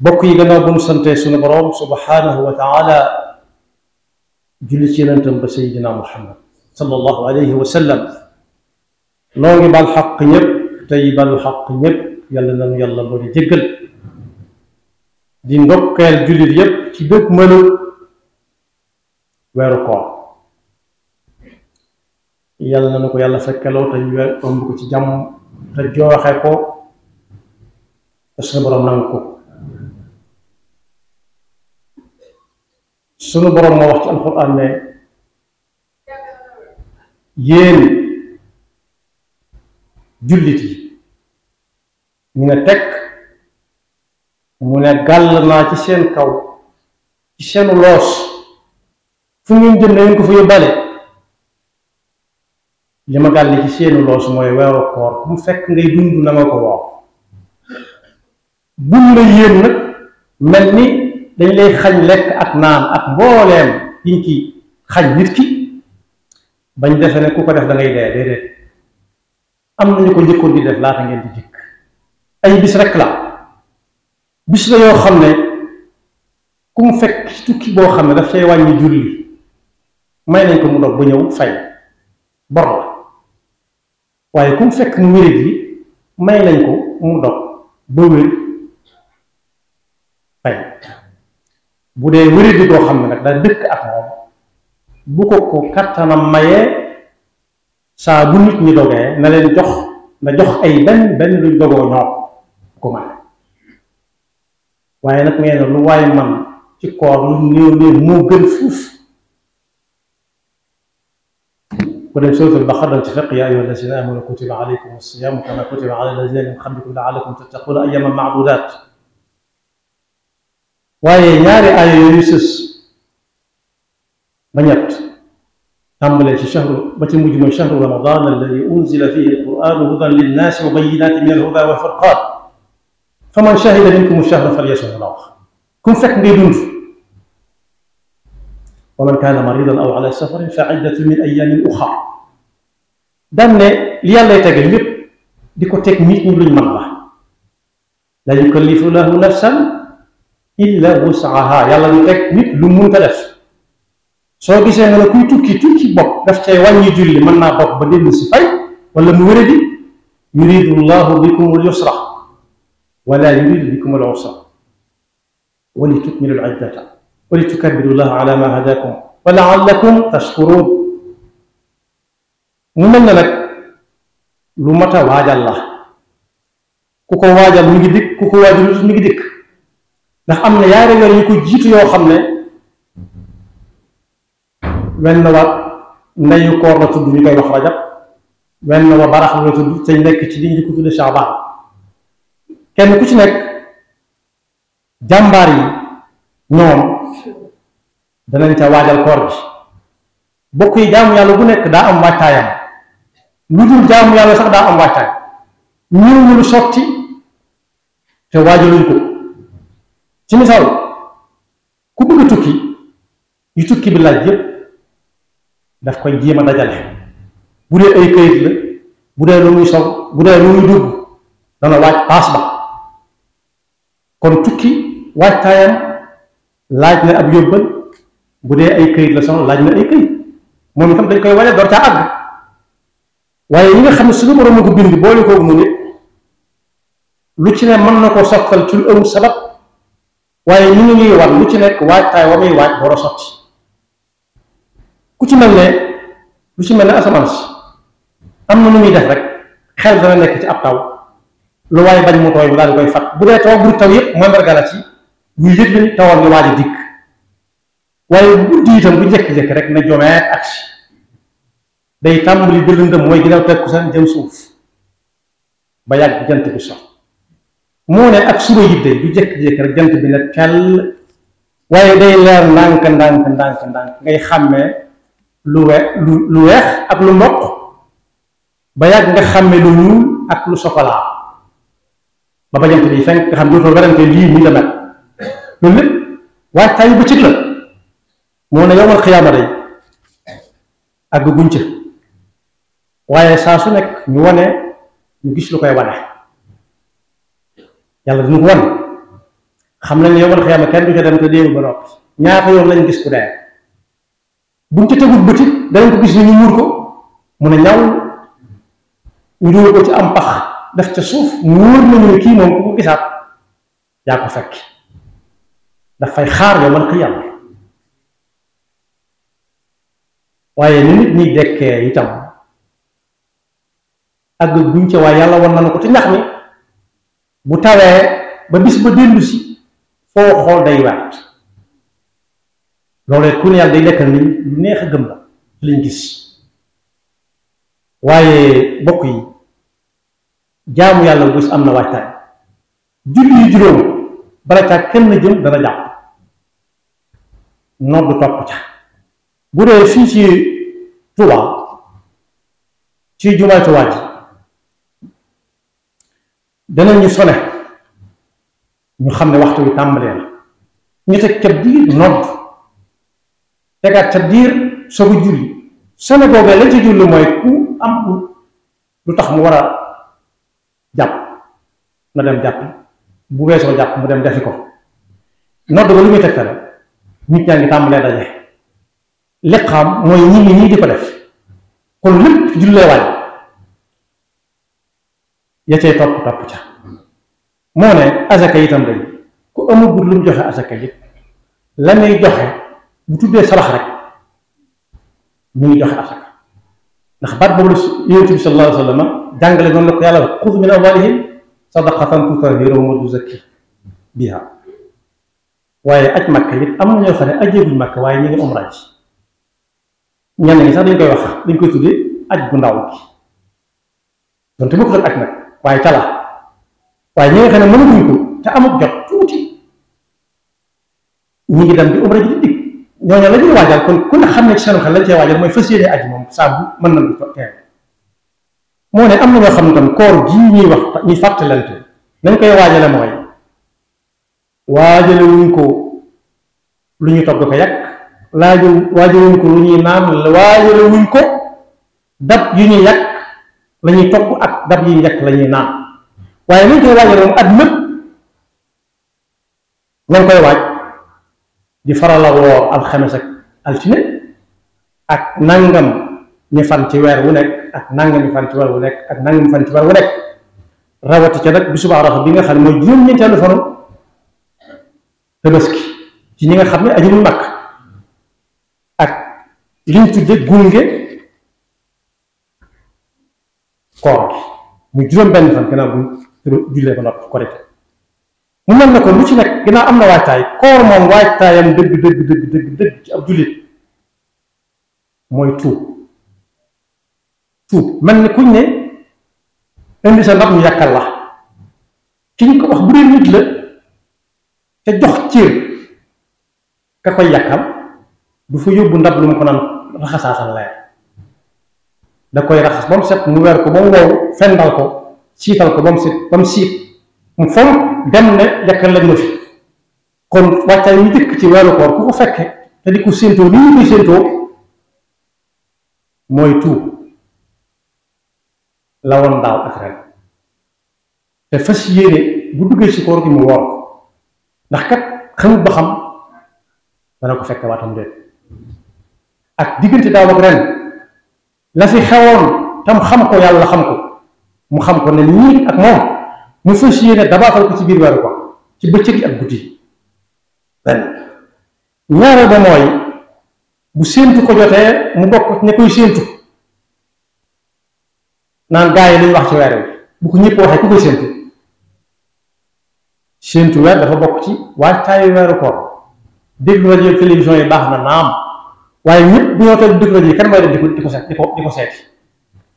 bokk yi gannaaw bu nu santee sunu boroom subhaanahu wa taala julli ci yonentam ba sayidina muhammad sallallahu alayhi wa sallam noo ngi bal xaq ñëpp tey balu xaq ñëpp yàlla nanu yàlla boo di jéggal di ndokkeel jullit yépp ci bépp mënu weeru koor yàlla nanu ko yàlla fekkeloo te ñu ëmb ko ci jàmm te jooxe ko te sunu boroom nangu ko شنو برمنا وحكي القرآن لي يين جلتي من التك من قال ما تشين كاو تشين لوس فمن جنة ينكو في يبالي لما قال لي تشين لوس ما يوارو كور كم فك نغي دون دون ما واو بول يين نك ملني dañ lay xañ lekk ak naan ak mbooleem yiñ ci xañ nit ki bañ defe ne ku ko def da ngay dee déedéet am nañu ko njëkkoon di def laata ngeen di dikk ay bis rek la bis la yoo xam ne ku mu fekk ci tukki boo xam ne daf cay wàññi julli may nañ ko mu dog ba ñëw fay bor la waaye ku mu fekk mu wérit yi may nañ ko mu dog ba wér bu dee wéri di koo xam ne nag daa dëkk ak moom bu ko ko kattanam mayee saa bu nit ñi dogee na leen jox na jox ay benn benn luñ dogoo ñoo ko mane waaye nag nee na lu waay man ci koor lu néew néew moo gën fuuf ku dem suratul baqara dal ci fekk yaa ayyuha allazina amanu kutiba alaykum asiyamu kama kutiba ala allazina min qablikum laallakum tattaquuna ayyaman maadudat waaye ñaari aaya yooyu sës ba ñett tàmbalee ci shahru ba ci mujj mooy shahru ramadan alladi unzila fihi alquran hudan linnaasi wa bayinaati min alhuda wa alfurqan fa man shahida minkum shahra falyasum la wax kum fekk ngay dund wa man kaana maridan aw ala safarin fa iddatu min ayamin uxar daan ne li yàllay tege lépp di ko teg nit ñi luñ mën la la yukallifu lahu nafsan illa wus'aha yàlla du teg nit lu munta def soo gisee nga ne kuy tukki tukki bopp daf cay wàññi julli mën naa bopp ba dellu si fay wala mu wéradi yuridu llahu bikum al yusra wala yuridu bikum al usra wali tukmilu al iddata wali tukabbiru llaha ala ma hadakum wa laallakum tashkurun mu mel ne nag lu mat a waajal la ku ko waajal mi ngi dikk ku ko waajalut mi ngi dikk ndax am na yaari weer yu ko jiitu yoo xam ne wenn wa ndeyu koor la tudd ñu koy wax rajab wenn wa barax la tudd te nekk ci li ñu ko tudde Shaabaan kenn ku ci nekk jàmbaar yi ñoom danañ ca waajal koor bi bokk yi jaamu yàlla bu nekk daa am waajtaayam lu dul jaamu yàlla sax daa am waajtaay ñëw ñu lu sotti te waajaluñ ko ci misaal ku bëgg tukki yu tukki bi laaj yépp daf koy jéem a dajale bu dee ay këyit la bu dee lu muy sol bu dee lu muy dugg dana waaj paas ba kon tukki waajtaayam laaj na ab yóbbal bu dee ay kayit la soxla laaj na ay kayit moom itam dañ koy waajal door caa àgg waaye yi nga xam ne suñu borom ko bind boole koogu mu ne lu ci ne mën na ko sottal ci lu amul sabab waaye ñu ngi ñuy wan lu ci nekk waajtaay wa muy waaj war a sotti ku ci mel ne lu ci mel ne asamaan si am na lu muy def rek xel dana nekk ci ab taw lu waaye bañ mu tooy mu daal di koy fat bu dee taw bu taw yëpp mooy mbargala ci ñu yëg ni tawal bu jékki-jékki rek na jomee ak si day tàmbali bi lëndëm mooy ginnaaw tekku seen jëm suuf ba yàgg jant bi sox moo ne ak suba jib de du jékki-jékki rek jant bi ne tell waaye day leer ndànk ndànk ndànk ndànk ngay xàmmee lu we lu weex ak lu mboq ba yàgg nga xàmmee lu ñuul ak lu sokolaa ba ba jant bi fenk nga xam dootoo werante lii nii la mel loolu lépp waajtaayu bëccëg la moo ne yowmal xiyaama day ak guñ ca waaye saa su nekk ñu wane ñu gis lu koy wane yàlla dina ko wan xam nañ ne yow man na kenn du ca dem te déewu ba noppi yoon lañ gis ku dee buñ ca tegul bëti danañ ne ñu muur ko mun def ca suuf mu wóor nañu ne kii ku ko gisaat yaa yàlla waaye ni nit ak guñ ko ci ñax mi. bu tawee ba bis ba dellu si foo xool day waat loolee ku ne yàlla day lekkal ni lu neex a gëm la lañ gis waaye bokk yi jaamu yàlla bu gis am na waajtaay julli yu juróom bala caa kenn jëm dana jàpp nodd topp ca bu dee fii ci Tuubaa ci jumaa Tuubaa ji danañu sone ñu xam ne waxtu wi tàmbalee na ñu teg ca diir nodd tegaat ca diir sogu julli sone boobee lañ ci julli mooy ku am lu tax mu war a jàpp na dem jàpp bu weesoo jàpp mu dem defi ko nodd ba lu muy tegtale nit ñaa ngi tàmbalee daje liqaam mooy ñi ngi ñii di ko def kon lépp jullee waaj ya cay top topp ca mo ne azaka itam day ku amagul lu mu joxe azaka yi lamay joxe bu tuddé sarax rek muy joxe azaka ndax bat bobu la bi sallallahu alayhi wasallam jàngale non la ko yàlla khuz min awalihim sadaqatan tutahhiruhum wa tuzakki biha waye aj makka it am na ñoo xam ne ajeeguñ màkk waaye ñu ngi umra ji ñenn ñi sax dañ koy wax dañ koy tuddé aj bu ndaw gi donte bokkul ak nak waaye tala waaye ñi nga xam ne ko te amut jot tuuti ñi ngi dem di umra ji di dig ñooñu la ñuy waajal kon ku ne xam ne ci seen xel lañ cee waajal mooy fas yéene aji moom saabu mën nañ na ñoo xam ne tam ñuy wax ñuy fàttalante nañ koy waajale mooy waajale ko lu ñu togg ko yàq laaju waajale ko lu ñuy naan waajale wuñ ko dab yu ñuy yàq lañuy ñuy topp ak dab yi njëkk la naan waaye ni ñu koy waajal moom at mépp waaj di faral a woor alxames ak altine ak nangam ñu fan ci weer wu nekk ak nangam ñu fan ci weer wu nekk ak nangam ñu fan ci rawati ca nag bi subaa rafa bi nga xam ne mooy juróom-ñeenteelu fanu tabaski ci ñi nga xam ne ajuñu mag ak liñ tudde gunge koor muy juróom-benn fan gannaaw bu jullee ba noppi korite mu mel ne kon lu ci nekk gannaaw am na waajtaay koor moom waajtaayam dëgg dëgg dëgg dëgg dëgg ci ab jullit mooy tuub tuub mel ni kuñ ne indi sa ndab ñu yàkkal la ki ñu ko wax bu dee nit la te jox cër ka koy yàkkal du fa yóbbu ndab lu mu ko naan raxasaasal leer da koy raxas ba mu set mu weer ko ba mu wow fendal ko siital ko ba mu set mu siit mu fon dem ne lekkal lañ ma fi kon wàccaay ñu jëkk ci weeru koor ku ko fekke te di ko séentoo li ñu koy séentoo mooy tuub la woon daaw ak ren te fas yéene bu duggee ci koor gi mu woor ndax kat xamut ba xam dana ko fekke waatam déet ak diggante daaw ak ren la fi xewon tam xam ko yàlla xam ko mu xam ko ne li ak mom mu ne daba dabaatal ko ci bir waru ko ci beccé ak guddi ben ñaara ñaareel ba mooy bu sentu ko joté mu bokk ne koy sentu nan gaay li wax ci wéré bu ko ñëpp waxé ku koy sentu sentu weer dafa bokk ci wa tay wéru ko déglu rajo télévision yi baax na naam waaye ñëpp ñoo toog di ko ji kan mooy dem di ko di ko seet di ko di ko seeti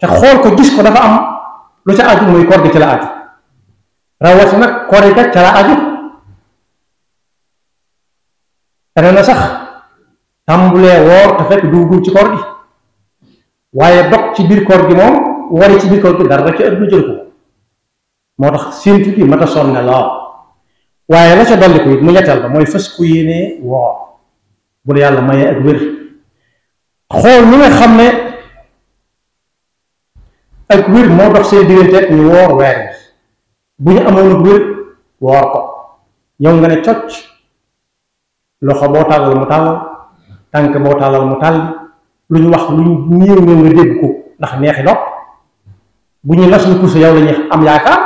te xool ko gis ko dafa am lu ca aju muy koor gi nag koor yi kat ca la aju dana sax tàmbulee woor te fekk duggul ci koor gi waaye dog ci biir koor gi moom wari ci biir koor gi dara ci àdduna jël ko moo tax séentu gi mat a sonne lool waaye la ca dolli ko it mu ñetteel ba mooy fas ku yéenee woor bu la yàlla mayee ak wér xool ñi nga xam ne ak wér moo dox seen diggante ñu woor weer bu ñu amoon ak wér woor ko yow nga ne cocc loxo boo tàllal mu tàll tànk boo tàllal mu tàll lu ñu wax lu ñu néew nga nga dégg ko ndax neexi nopp bu ñuy las lu kursa yow la ñuy am yaakaar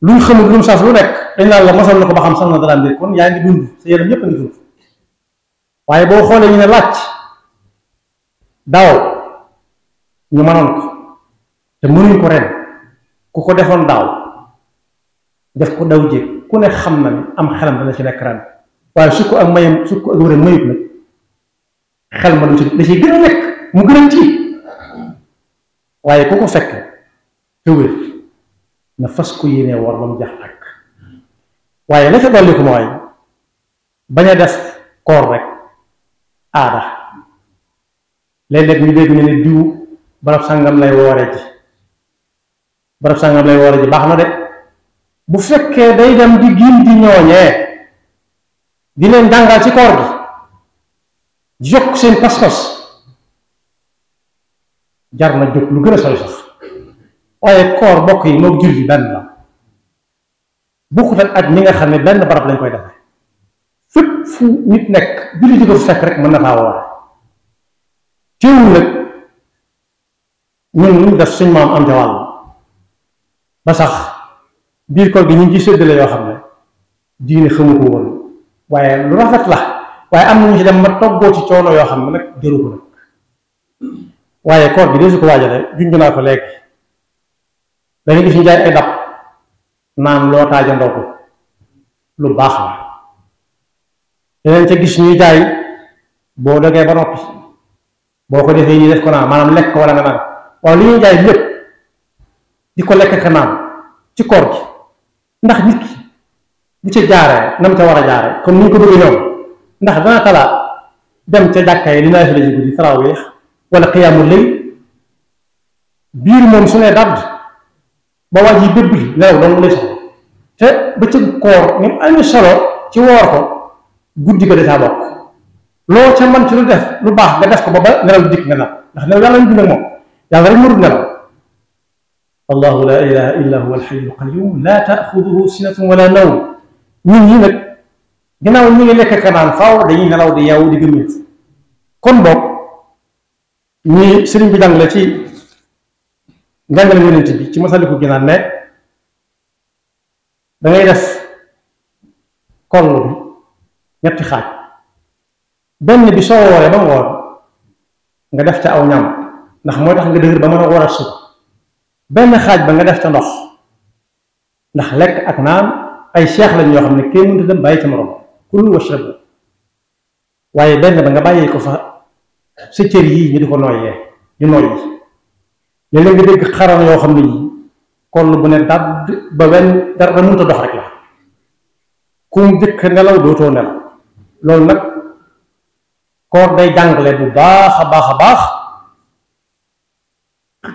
lu ñu xamul lu mu sas lu nekk dañ naan la mosal na ko ba xam sax na dara mbir kon yaa ngi dund sa yaram yépp a ngi dund waaye boo xoolee ñu ne laaj daaw ñu mënoon ko te mënuñ ko ren ku ko defoon daaw def ko daw jéeg ku ne xam na ne am xelam dana ci nekk ren waaye su ko ak mayam su ko ak wéram mayut nag xel ma du ci da ciy gën a nekk mu gën a ci waaye ku ko fekk te wér na fas ko yéenee woor ba mu jax ak waaye la ca dolli mooy bañ a def koor rek aada léeg-léeg ñu dégg ne ne diw barab sàngam lay woore ji barab sàngam lay woore ji baax na de bu fekkee day dem di gin di ñooñee di leen jàngal ci koor gi yokk seen pas-pas jar na jóg lu gën a sori sax waaye koor bokk yi moog jur gi benn la bokkut ak at mi nga xam ne benn barab lañ koy defee fépp fu nit nekk julli di fekk rek mën na faa woore teewul nag ñun ñu def suñ maam am ca wàll ba sax biir koor gi ñu ngi ciy séddale yoo xam ne diine xamu woon waaye lu rafet la waaye am nañu ci dem ma toggoo ci coono yoo xam ne nag jëru ko nag waaye koor gi dee su ko waajale junj naa ko lekk dañu gis ñu jaay ay dab naan loo taaja ndoo ko lu baax la yeneen ca gis ñu jaay boo dogee ba noppi boo ko defee ñu def ko naan maanaam lekk ko wala nga naan waaw li ñuy jaay lépp di ko lekk ka naan ci koor gi ndax nit ki bu ca jaaree nam ca war a jaaree comme ni ñu ko bëgg ñoom ndax dana talaa dem ca jàkka yi dinaa fi la ji guddi tarawih wala xiyaamu su nee dàdd ba waa ji bébb gi koor ni mu solo ci woor ko guddi ko da caa bokk loo ca man ci def lu baax nga def ko ba ba nelaw dikk nga nag ndax nelaw yàlla ñu moom yàlla rek mënul nelaw allahu la ilaha illa huwa alxayu alqayum la taaxuduhu sinatun wala nawm ñun ñi nag ginnaaw ñi ngi lekk kanaan faaw dañuy nelaw di yeewu di gëmit kon boog ñi sëriñ bi jàng la ci njàngale yonent bi ci masaliku ginaan ne da ngay def koll bi ñetti benn bi soo wooree ba ngoon nga def ca aw ñam ndax moo tax nga dëgër ba mën a war a sukk benn xaaj ba nga def ca ndox ndax lekk ak naan ay seex lañ yoo xam ne kenn mënut a dem bàyyi ca nga bàyyee ko fa sa cër yii ñu léeg-léeg nga yoo xam ne yi koll bu ne dadd ba wenn dara mënut a dox rek la ku njëkk nelaw dootoo nelaw loolu nag koor day jàngale bu baax a baax a baax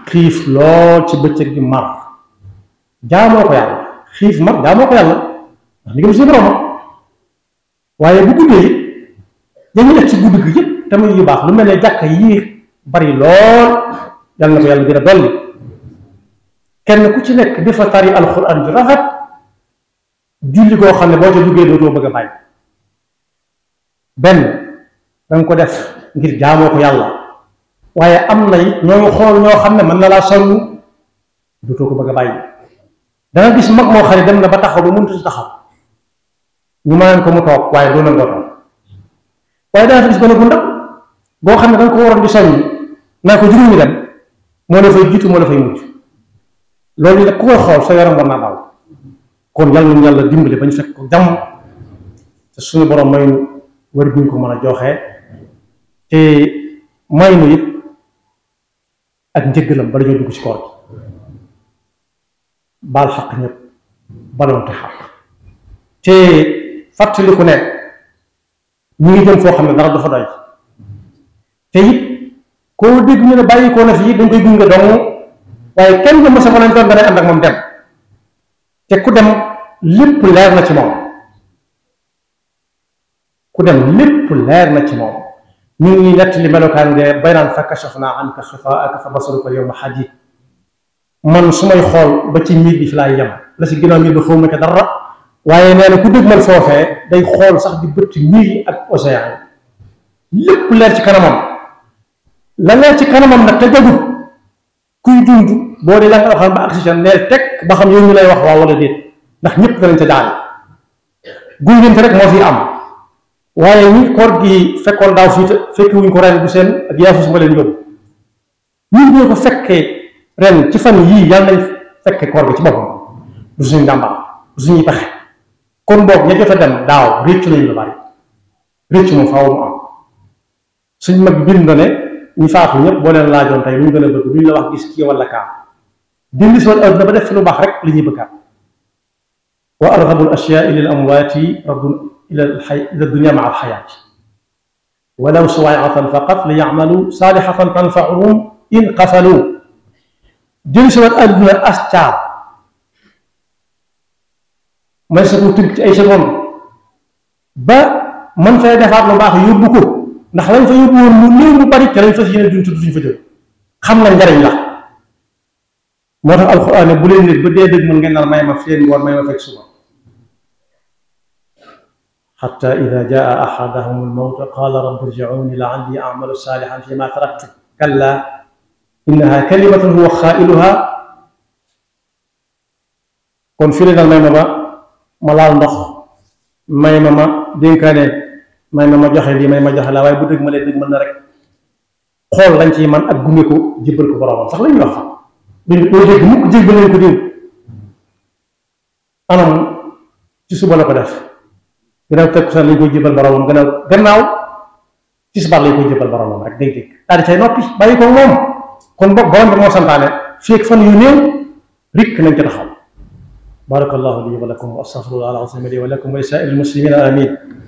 xiif lool ci bëccëg bi mar jaamoo ko yàlla xiif mar jaamoo ko yàlla ndax ni nga suñu borom waaye bu guddee dañuy def ci guddi gi yëpp tamit yu baax lu mel ne jàkka yi bari lool yàlla na ko yàlla gën a dolli kenn ku ci nekk dafa tari alxuraan ju rafet julli koo xam ne boo ca duggee dootoo bëgg a bàyyi benn danga ko def ngir jaamoo ko yàlla waaye am na ñooy xool ñoo xam ne man na laa sonn dootoo ko bëgg a bàyyi danga gis mag moo xam ne dem na ba taxaw ba mënut taxaw ñu mënoon ko mu toog waaye doo nangoo toog waaye danga gis gone xam ne da nga ko waroon moo la fay jiitu moo la fay mujj loolu nag ku koy xool sa yaram war naa daw kon yàlla nañu yàlla dimbali ba ñu fekk ko jàmm te suñu borom mooy wër guñ ko mën a joxe. te may nu it ak njëggalam bala ñoo dugg ci koor baal xaq ñëpp baloonte xaq te fàttaliku ne ñu ngi jëm foo xam ne dara du fa doy te it koo dégg ñu ne bàyyi na fii dañ koy gunge dong waaye kenn nga mësa mën a doon dana ànd ak moom dem te ku dem lépp leer na ci moom ku dem lépp leer na ci moom mu ngi nett li melokaan nga bay naan fa kashafnaa anka xifaa'aka fa basaruka al-yawma hadiid man su may xool ba ci miir bi fi laay yem la si ginnaaw miir bi xaw ma ko waaye nee na ku dégmal foofee day xool sax di bët miir yi ak océan lépp leer ci kanamam la leer ci kanamam te kuy dund boo dee la nga waxal ba oxygène neel teg ba xam yow ñu lay wax waaw wala déet ndax ñëpp danañ ca daal gungente rek moo fi am waaye ñi koor gi fekkoon daaw fii fekki wuñ ko ren bu seen ak yaasu su ma leen yóbbu ñun ñoo ko fekkee ren ci fan yii yàlla nañ fekke koor ci boppam du suñu ndàmbaam du suñuy pexe kon boog ña jot a dem daaw réccu nañ lu bari réccu moom faaw suñ mag bind na ne ñu faatu ñëpp boo leen laajoon tey luñ gën a bëgg luñ la wax gis kii wala kaa dindi si woon def fi lu baax rek li ñuy bëggaat wa arghabul ashya'i lil amwaati rabbun الى الى الدنيا مع الحياه ولو صواعقا فقط ليعملوا صالحه تنفعهم ان قفلوا جنس الارض من الاشجار ما يسكو تلك اي شيء با من فاي دفاق لو باخ يوبكو نخ لان فا يوبو مو نيو مو بارك لان فا سينا دون تدو فيديو خمنا نجرين لا موتا القرآن بولين لك بدي يدد من غير ما يما فين ما يما فيك سوا حتى إذا جاء أحدهم الموت قال رب ارجعوني لعلي أعمل صالحا فيما تركت كلا إنها كلمة هو خائلها كون في لنا الميمة ملال نخ ميمة ما دين كان ميمة ما جحل ميمة جحل لا يبدك ملك بدك من رك قول لن تيمان أبغمكو جبرك براوة سخلين يوفا من وجه مك جبرك دين أنا تسبنا بدافع gannaaw takkusaan lañ koy jébal boromam gannaaw gannaaw tisbaar lañ koy jébal boromam rek day dégg a di cay noppi bàyyi ko moom kon boog borom bi moo santaane fii ak fan yu néew rikk nañ ca taxaw barakallahu li wa lakum wa astaghfirullah al-azim li wa lakum wa li saa'iril muslimina amin